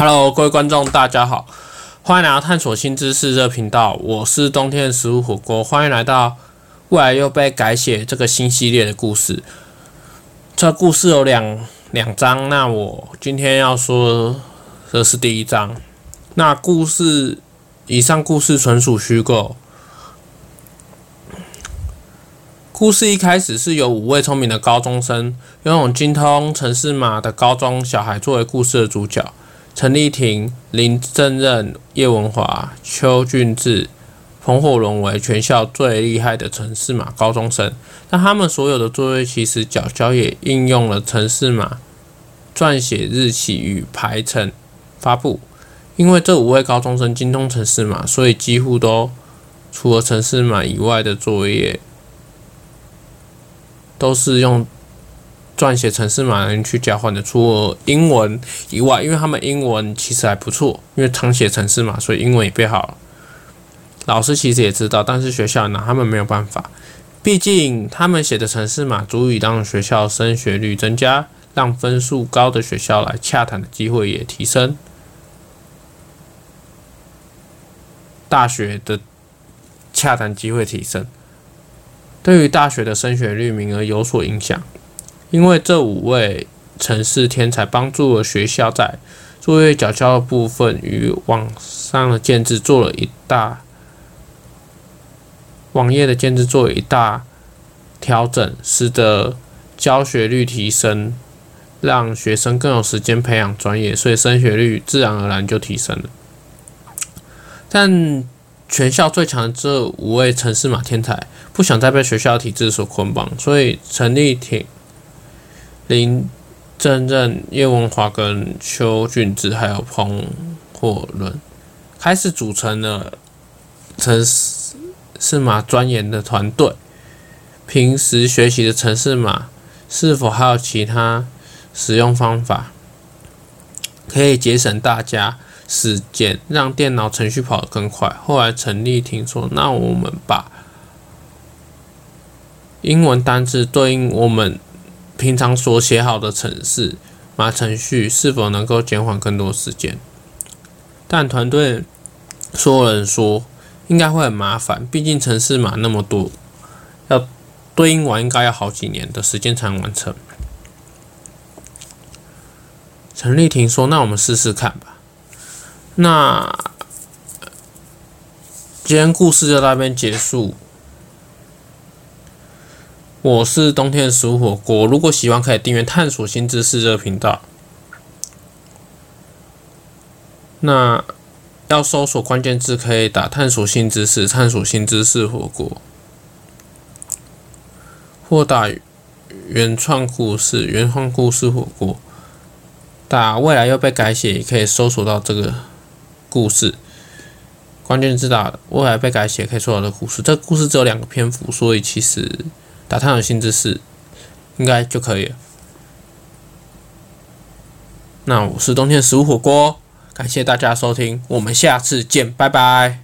Hello，各位觀眾，大家好，歡迎來到探索新知識這頻道。我是冬天的食物火鍋，歡迎來到未來又被改寫這個新系列的故事。這故事有兩兩章，那我今天要說的是第一章。那故事以上故事純屬虛構。故事一開始是有五位聰明的高中生，擁有精通程式碼的高中小孩作為故事的主角。陳立婷、林正任、葉文華、邱俊志、彭火龍為全校最厲害的程式碼高中生，但他們所有的作業其實繳交也應用了程式碼撰寫日期與排程發布。因為這五位高中生精通程式碼，所以幾乎都除了程式碼以外的作業都是用。撰寫程式碼，人去交換的除了英文以外，因為他們英文其實還不錯，因為常寫程式碼，所以英文也變好。老師其實也知道，但是學校拿他們沒有辦法，畢竟他們寫的程式碼，足以讓學校升學率增加，讓分數高的學校來洽談的機會也提升，大學的洽談機會提升，對於大學的升學率名額有所影響。因為這五位城市天才幫助了學校，在作業繳交的部分與網上的建制做了一大網頁的建制做了一大調整，使得教學率提升，讓學生更有時間培養專業，所以升學率自然而然就提升了。但全校最強的這五位城市馬天才不想再被學校體制所捆綁，所以成立挺。林正任、葉文華跟邱俊之，還有彭火倫開始組成了程式碼專研的團隊。平時學習的程式碼是否還有其他使用方法，可以節省大家時間，讓電腦程序跑得更快？後來陳麗聽說：“那我們把英文單詞對應我們。”平常所寫好的程式碼程序是否能夠減緩更多時間？但團隊所有人說：“應該會很麻煩，畢竟程式碼那麼多，要對應完應該要好幾年的時間才能完成。”陳麗婷說：“那我們試試看吧。”那，今天故事就到這邊結束。我是冬天的食物火鍋。如果喜歡，可以訂閱“探索新知識”這個頻道。那要搜索關鍵字，可以打“探索新知識”、“探索新知識火鍋”，或打“原創故事”、“原創故事火鍋”。打未來又被改寫，也可以搜索到這個故事。關鍵字打“未來被改寫”，可以搜到這故事。這故事只有兩個篇幅，所以其實。打探有新知識，應該就可以了。那我是冬天的食物火鍋，感謝大家收聽，我們下次見，拜拜。